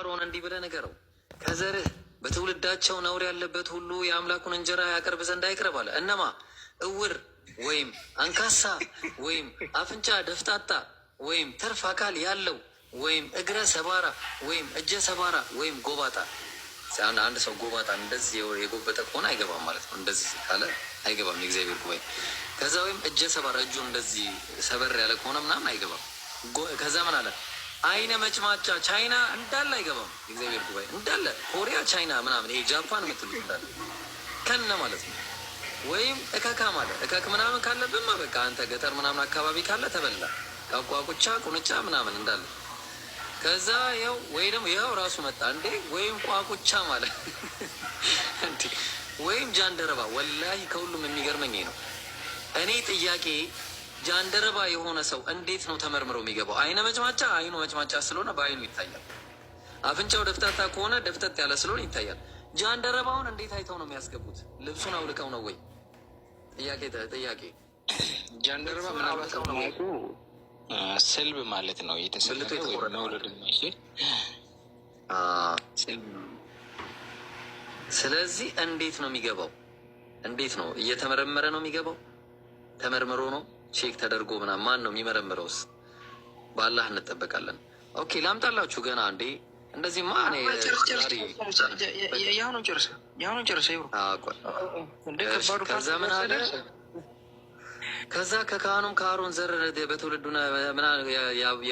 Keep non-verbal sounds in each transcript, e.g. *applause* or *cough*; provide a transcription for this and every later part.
አሮን እንዲህ ብለህ ንገረው፣ ከዘርህ በትውልዳቸው ነውር ያለበት ሁሉ የአምላኩን እንጀራ ያቀርብ ዘንድ አይቅረብ አለ። እነማ እውር ወይም አንካሳ ወይም አፍንጫ ደፍጣጣ ወይም ትርፍ አካል ያለው ወይም እግረ ሰባራ ወይም እጀ ሰባራ ወይም ጎባጣ። አንድ ሰው ጎባጣ እንደዚህ የጎበጠ ከሆነ አይገባም ማለት ነው። እንደዚህ ካለ አይገባም የእግዚአብሔር ጉባኤ። ከዛ ወይም እጀ ሰባራ እጁ እንደዚህ ሰበር ያለ ከሆነ ምናምን አይገባም። ከዛ ምን አለ አይነ መጭማጫ ቻይና እንዳለ አይገባም። እግዚአብሔር ጉባኤ እንዳለ ኮሪያ፣ ቻይና ምናምን ይሄ ጃፓን የምትሉት እንዳለ ከነ ማለት ነው። ወይም እከካ ማለት እከክ ምናምን ካለብን በቃ አንተ ገጠር ምናምን አካባቢ ካለ ተበላ ቋቁቻ፣ ቁንጫ ምናምን እንዳለ ከዛ ያው ወይ ደግሞ ያው ራሱ መጣ እንዴ ወይም ቋቁቻ ማለት *laughs* ወይም ጃንደረባ። ወላሂ ከሁሉም የሚገርመኝ ነው እኔ ጥያቄ ጃንደረባ የሆነ ሰው እንዴት ነው ተመርምሮ የሚገባው? አይነ መጭማጫ አይኑ መጭማጫ ስለሆነ በአይኑ ይታያል። አፍንጫው ደፍታታ ከሆነ ደፍተት ያለ ስለሆነ ይታያል። ጃንደረባውን እንዴት አይተው ነው የሚያስገቡት? ልብሱን አውልቀው ነው ወይ? ጥያቄ ጥያቄ። ጃንደረባ ምናልባት ስልብ ማለት ነው ስለዚህ እንዴት ነው የሚገባው? እንዴት ነው እየተመረመረ ነው የሚገባው? ተመርምሮ ነው ቼክ ተደርጎ ምናምን ማን ነው የሚመረምረውስ? በአላህ እንጠበቃለን። ኦኬ ላምጣላችሁ ገና እንዴ እንደዚህ ማ ከዛ ምን አለ ከዛ ከካህኑም ከአሮን ዘር በትውልዱ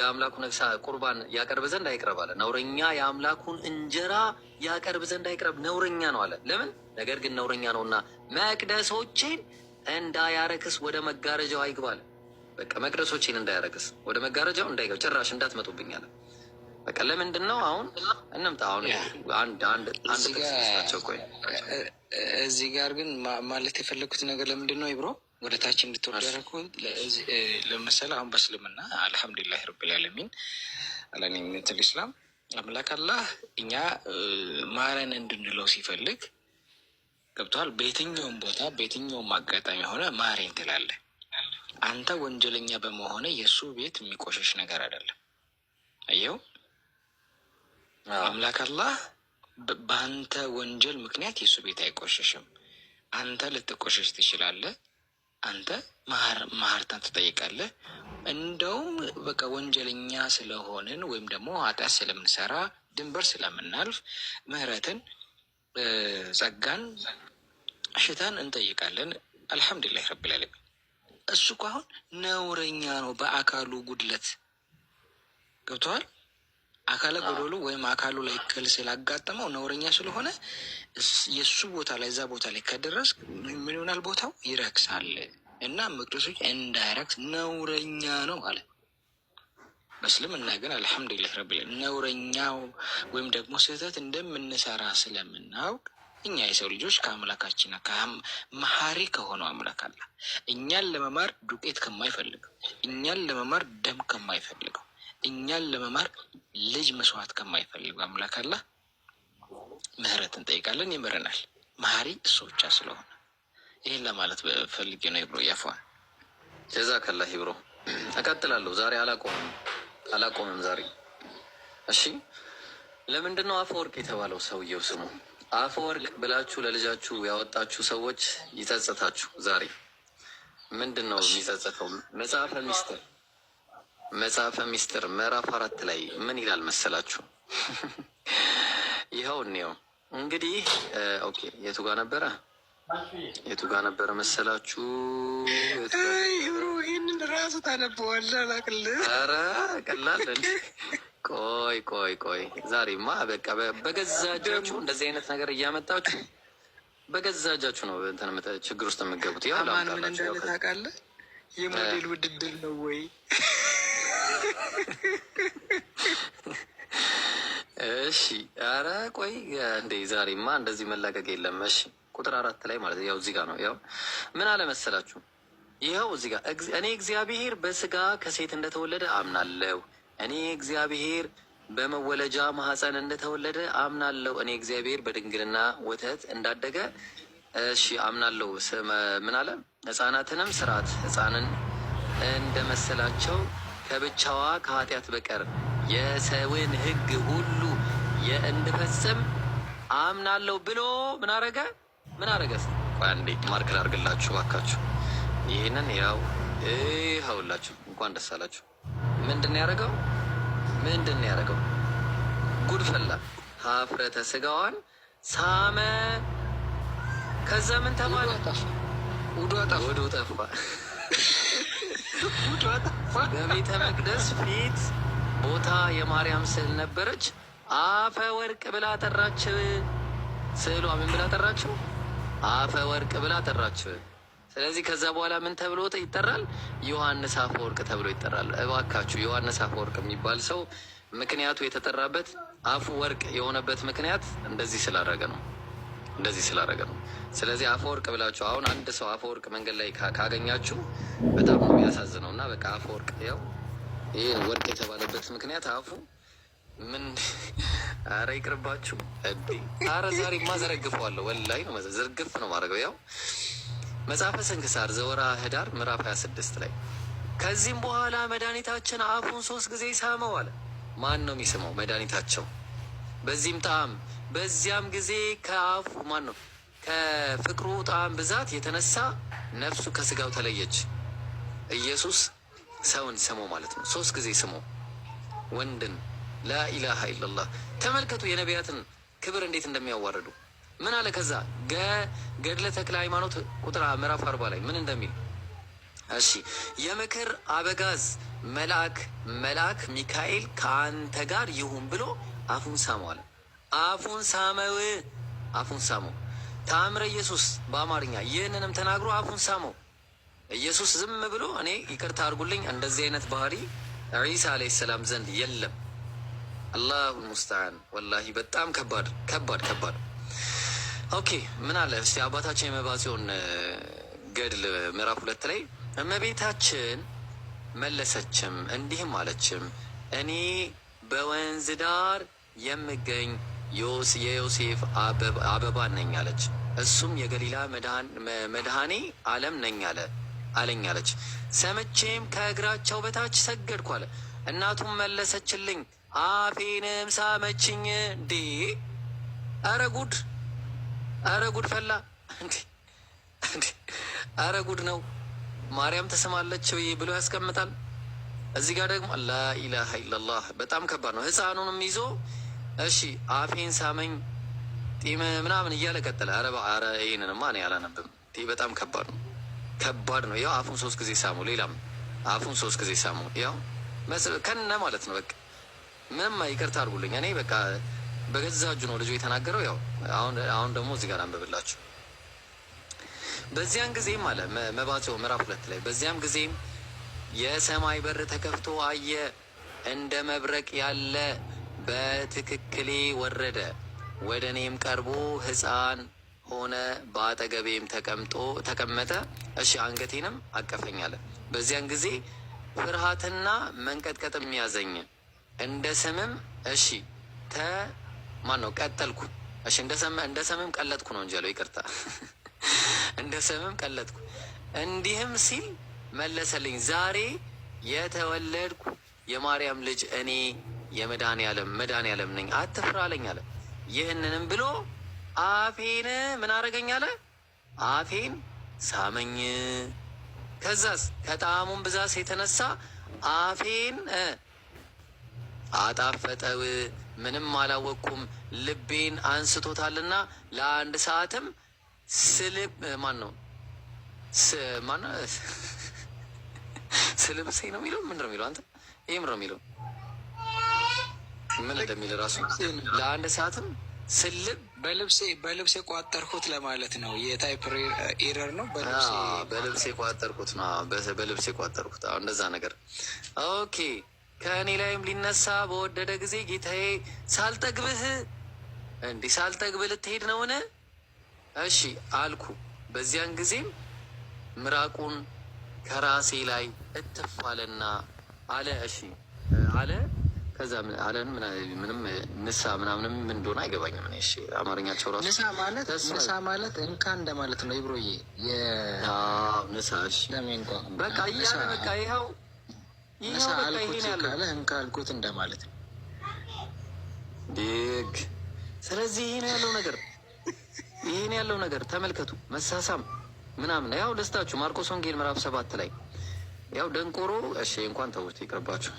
የአምላኩን ቁርባን ያቀርብ ዘንድ አይቅረብ አለ። ነውረኛ የአምላኩን እንጀራ ያቀርብ ዘንድ አይቅረብ፣ ነውረኛ ነው አለ። ለምን? ነገር ግን ነውረኛ ነውና መቅደሶችን እንዳያረክስ ወደ መጋረጃው አይግባል። በቃ መቅደሶችን እንዳያረክስ ወደ መጋረጃው እንዳይገባ ጭራሽ እንዳትመጡብኝ አለ። በቃ ለምንድን ነው አሁን እንምጣ። አሁን አንድ አንድ አንድ ናቸው። ቆይ እዚህ ጋር ግን ማለት የፈለግኩት ነገር ለምንድን ነው ይብሮ ወደ ታች እንድትወደረኩ ያደረኩት ለመሰለ አሁን በእስልምና አልሐምዱሊላህ ረብልዓለሚን አላኒ አላኒምነትል ኢስላም አምላክ አላህ እኛ ማረን እንድንለው ሲፈልግ ገብተዋል። በየትኛውም ቦታ በየትኛውም አጋጣሚ ሆነ ማሬን ትላለህ። አንተ ወንጀለኛ በመሆነ የእሱ ቤት የሚቆሸሽ ነገር አይደለም። አየው አምላክ አላህ በአንተ ወንጀል ምክንያት የእሱ ቤት አይቆሸሽም። አንተ ልትቆሸሽ ትችላለህ። አንተ መሀርታን ትጠይቃለህ። እንደውም በቃ ወንጀለኛ ስለሆንን ወይም ደግሞ ኃጢአት ስለምንሰራ ድንበር ስለምናልፍ ምህረትን ጸጋን ሽታን እንጠይቃለን። አልሐምዱሊላህ ረብል ዓለሚን። እሱ እኮ አሁን ነውረኛ ነው በአካሉ ጉድለት ገብተዋል። አካለ ጎደሉ ወይም አካሉ ላይ እክል ስላጋጠመው ነውረኛ ስለሆነ የእሱ ቦታ ላይ እዛ ቦታ ላይ ከደረስ ምን ይሆናል? ቦታው ይረክሳል እና መቅደሶች እንዳይረክስ ነውረኛ ነው አለ። በእስልምና ግን አልሐምዱሊላህ ረብል ነውረኛው ወይም ደግሞ ስህተት እንደምንሰራ ስለምናውቅ እኛ የሰው ልጆች ከአምላካችን መሀሪ ከሆነው አምላክ አለ እኛን ለመማር ዱቄት ከማይፈልገው፣ እኛን ለመማር ደም ከማይፈልገው፣ እኛን ለመማር ልጅ መስዋዕት ከማይፈልገው አምላክ አለ ምህረት እንጠይቃለን፣ ይምረናል። መሀሪ እሱ ብቻ ስለሆነ ይህን ለማለት ፈልጌ ነው። ይብሮ ያፏን ከላ ይብሮ። እቀጥላለሁ። ዛሬ አላቆምም አላቆምም ዛሬ። እሺ፣ ለምንድን ነው አፈወርቅ የተባለው ሰውየው ስሙ አፈወርቅ ብላችሁ ለልጃችሁ ያወጣችሁ ሰዎች ይጸጸታችሁ። ዛሬ ምንድን ነው የሚጸጸተው? መጽሐፈ ሚስጥር መጽሐፈ ሚስጥር ምዕራፍ አራት ላይ ምን ይላል መሰላችሁ? *laughs* ይኸው እኔው እንግዲህ ኦኬ፣ የቱ ጋር ነበረ? የቱ ጋር ነበረ መሰላችሁ? ይህንን ራሱ ታነበዋለህ። ላቅል ኧረ ቀላል ቆይ ቆይ ቆይ፣ ዛሬማ በቃ በገዛ እጃችሁ እንደዚህ አይነት ነገር እያመጣችሁ በገዛ እጃችሁ ነው እንትን ችግር ውስጥ የምትገቡት። ያው ማን ምን እንዳለ ታውቃለህ? የሞዴል ውድድር ነው ወይ? እሺ፣ አረ ቆይ እንዴ፣ ዛሬማ እንደዚህ መላቀቅ የለም። እሺ፣ ቁጥር አራት ላይ ማለት ያው እዚህ ጋር ነው። ያው ምን አለ መሰላችሁ፣ ይኸው እዚህ ጋር እኔ እግዚአብሔር በስጋ ከሴት እንደተወለደ አምናለሁ እኔ እግዚአብሔር በመወለጃ ማህፀን እንደተወለደ አምናለሁ። እኔ እግዚአብሔር በድንግልና ወተት እንዳደገ እሺ አምናለሁ። ምን አለ? ህፃናትንም ስርዓት ህፃንን እንደመሰላቸው ከብቻዋ ከኃጢአት በቀር የሰውን ህግ ሁሉ የእንድፈጽም አምናለሁ ብሎ ምን አረገ? ምን አረገ? አንዴ ማርክ ላርግላችሁ ባካችሁ። ይህንን ያው ይኸውላችሁ እንኳን ደስ አላችሁ። ምንድን ያደረገው ምንድን ያደረገው ጉድ ፈላ። ሀፍረተ ስጋዋን ሳመ። ከዛ ምን ተባለ? ውዷ ጠፋ። ውዱ ጠፋ። በቤተ መቅደስ ፊት ቦታ የማርያም ስዕል ነበረች። አፈ ወርቅ ብላ ጠራች። ስዕሏ ምን ብላ ጠራችው? አፈ ወርቅ ብላ ጠራችው። ስለዚህ ከዛ በኋላ ምን ተብሎ ይጠራል? ዮሐንስ አፈወርቅ ተብሎ ይጠራል። እባካችሁ ዮሐንስ አፈወርቅ የሚባል ሰው ምክንያቱ የተጠራበት አፉ ወርቅ የሆነበት ምክንያት እንደዚህ ስላረገ ነው። እንደዚህ ስላረገ ነው። ስለዚህ አፈወርቅ ብላችሁ አሁን አንድ ሰው አፈወርቅ መንገድ ላይ ካገኛችሁ በጣም ነው የሚያሳዝነው። እና በቃ አፈወርቅ ያው ይህ ወርቅ የተባለበት ምክንያት አፉ ምን *laughs* አረ ይቅርባችሁ። አረ ዛሬ ማዘረግፈዋለሁ ወላይ ነው ዝርግፍ ነው ማድረገው ያው መጽሐፈ ስንክሳር ዘወራ ህዳር ምዕራፍ 26 ላይ ከዚህም በኋላ መድኃኒታችን አፉን ሶስት ጊዜ ይሳመው አለ። ማን ነው የሚስመው? መድኃኒታቸው። በዚህም ጣዕም በዚያም ጊዜ ከአፉ ማን ነው ከፍቅሩ ጣዕም ብዛት የተነሳ ነፍሱ ከስጋው ተለየች። ኢየሱስ ሰውን ስሞ ማለት ነው። ሶስት ጊዜ ስሞ ወንድን ላኢላሃ ኢላላህ። ተመልከቱ የነቢያትን ክብር እንዴት እንደሚያዋርዱ ምን አለ? ከዛ ገድለ ተክለ ሃይማኖት ቁጥር ምዕራፍ አርባ ላይ ምን እንደሚል እሺ የምክር አበጋዝ መልአክ መልአክ ሚካኤል ከአንተ ጋር ይሁን ብሎ አፉን ሳመው አለ። አፉን ሳመው አፉን ሳመው። ታምረ ኢየሱስ በአማርኛ ይህንንም ተናግሮ አፉን ሳመው። ኢየሱስ ዝም ብሎ እኔ ይቅርታ አድርጉልኝ፣ እንደዚህ አይነት ባህሪ ዒሳ አለይሂ ሰላም ዘንድ የለም። አላሁ ሙስተዓን ወላሂ፣ በጣም ከባድ ከባድ ከባድ ኦኬ ምን አለ እስቲ አባታችን የመባሲውን ገድል ምዕራፍ ሁለት ላይ እመቤታችን መለሰችም እንዲህም አለችም፣ እኔ በወንዝ ዳር የምገኝ የዮሴፍ አበባ ነኝ አለች። እሱም የገሊላ መድኃኔ ዓለም ነኝ አለ አለኝ አለች። ሰምቼም ከእግራቸው በታች ሰገድኩ አለ። እናቱም መለሰችልኝ አፌንም ሳመችኝ። እንዴ አረ ጉድ አረ ጉድ ፈላ። አረ ጉድ ነው። ማርያም ተሰማለች ብሎ ያስቀምጣል። እዚህ ጋር ደግሞ ላኢላሃ ኢለላህ በጣም ከባድ ነው። ህፃኑንም ይዞ እሺ አፌን ሳመኝ ጢም ምናምን እያለ ቀጠለ። አረ አረ ይህንንማ እኔ አላነብም። በጣም ከባድ ነው፣ ከባድ ነው። ያው አፉን ሶስት ጊዜ ሳሙ፣ ሌላም አፉን ሶስት ጊዜ ሳሙ። ያው መስ ከነ ማለት ነው በቃ ምንም ይቅርታ አድርጉልኝ እኔ በቃ በገዛ እጁ ነው ልጁ የተናገረው። ያው አሁን ደግሞ እዚህ ጋር አንብብላችሁ በዚያን ጊዜም አለ መባቸው ምዕራፍ ሁለት ላይ በዚያም ጊዜም የሰማይ በር ተከፍቶ አየ፣ እንደ መብረቅ ያለ በትክክሌ ወረደ፣ ወደ እኔም ቀርቦ ሕፃን ሆነ፣ በአጠገቤም ተቀምጦ ተቀመጠ፣ እሺ አንገቴንም አቀፈኝ አለ። በዚያን ጊዜ ፍርሃትና መንቀጥቀጥም ያዘኝ፣ እንደ ስምም እሺ ማን ነው ቀጠልኩ። እሺ እንደ እንደሰመም ቀለጥኩ ነው እንጂ ያለው ይቅርታ፣ *laughs* እንደ ቀለጥኩ። እንዲህም ሲል መለሰልኝ፣ ዛሬ የተወለድኩ የማርያም ልጅ እኔ የመድኃኔ ዓለም መድኃኔ ዓለም ነኝ፣ አትፍራ አለኝ አለ። ይህንንም ብሎ አፌን ምን አረገኝ አለ፣ አፌን ሳመኝ። ከዛስ ከጣዕሙም ብዛት የተነሳ አፌን አጣፈጠው። ምንም አላወቅኩም ልቤን አንስቶታልና ለአንድ ሰዓትም ስልብ ማን ነው ማን *laughs* ስልብሴ ነው የሚለው ምንድ የሚለው አንተ ይህም ነው የሚለው ምን እንደሚል ራሱ ለአንድ ሰዓትም ስልብ በልብሴ በልብሴ ቋጠርኩት ለማለት ነው። የታይፕ ኤረር ነው። በልብሴ ቋጠርኩት ነው። በልብሴ ቋጠርኩት እንደዛ ነገር ኦኬ ከእኔ ላይም ሊነሳ በወደደ ጊዜ ጌታዬ ሳልጠግብህ እንዲህ ሳልጠግብ ልትሄድ ነውን? እሺ አልኩ። በዚያን ጊዜም ምራቁን ከራሴ ላይ እትፍ አለና አለ። እሺ አለ። ከዛ አለን ምንም ንሳ ምናምንም እንደሆነ አይገባኝም። እሺ አማርኛቸው ራሱ ንሳ ማለት ንሳ ማለት እንካ እንደማለት ነው። ይብሮዬ ንሳ እሺ በቃ እያለ በቃ ይኸው ምሳ አልኩት ካለ እንካ አልኩት እንደማለት ነው። ስለዚህ ይህን ያለው ነገር ይህን ያለው ነገር ተመልከቱ። መሳሳም ምናምን ያው ደስታችሁ ማርቆስ ወንጌል ምዕራፍ ሰባት ላይ ያው ደንቆሮ እሺ እንኳን ተውት ይቅርባችሁ፣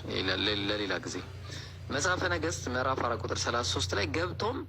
ለሌላ ጊዜ መጽሐፈ ነገስት ምዕራፍ አራት ቁጥር ሰላሳ ሶስት ላይ ገብቶም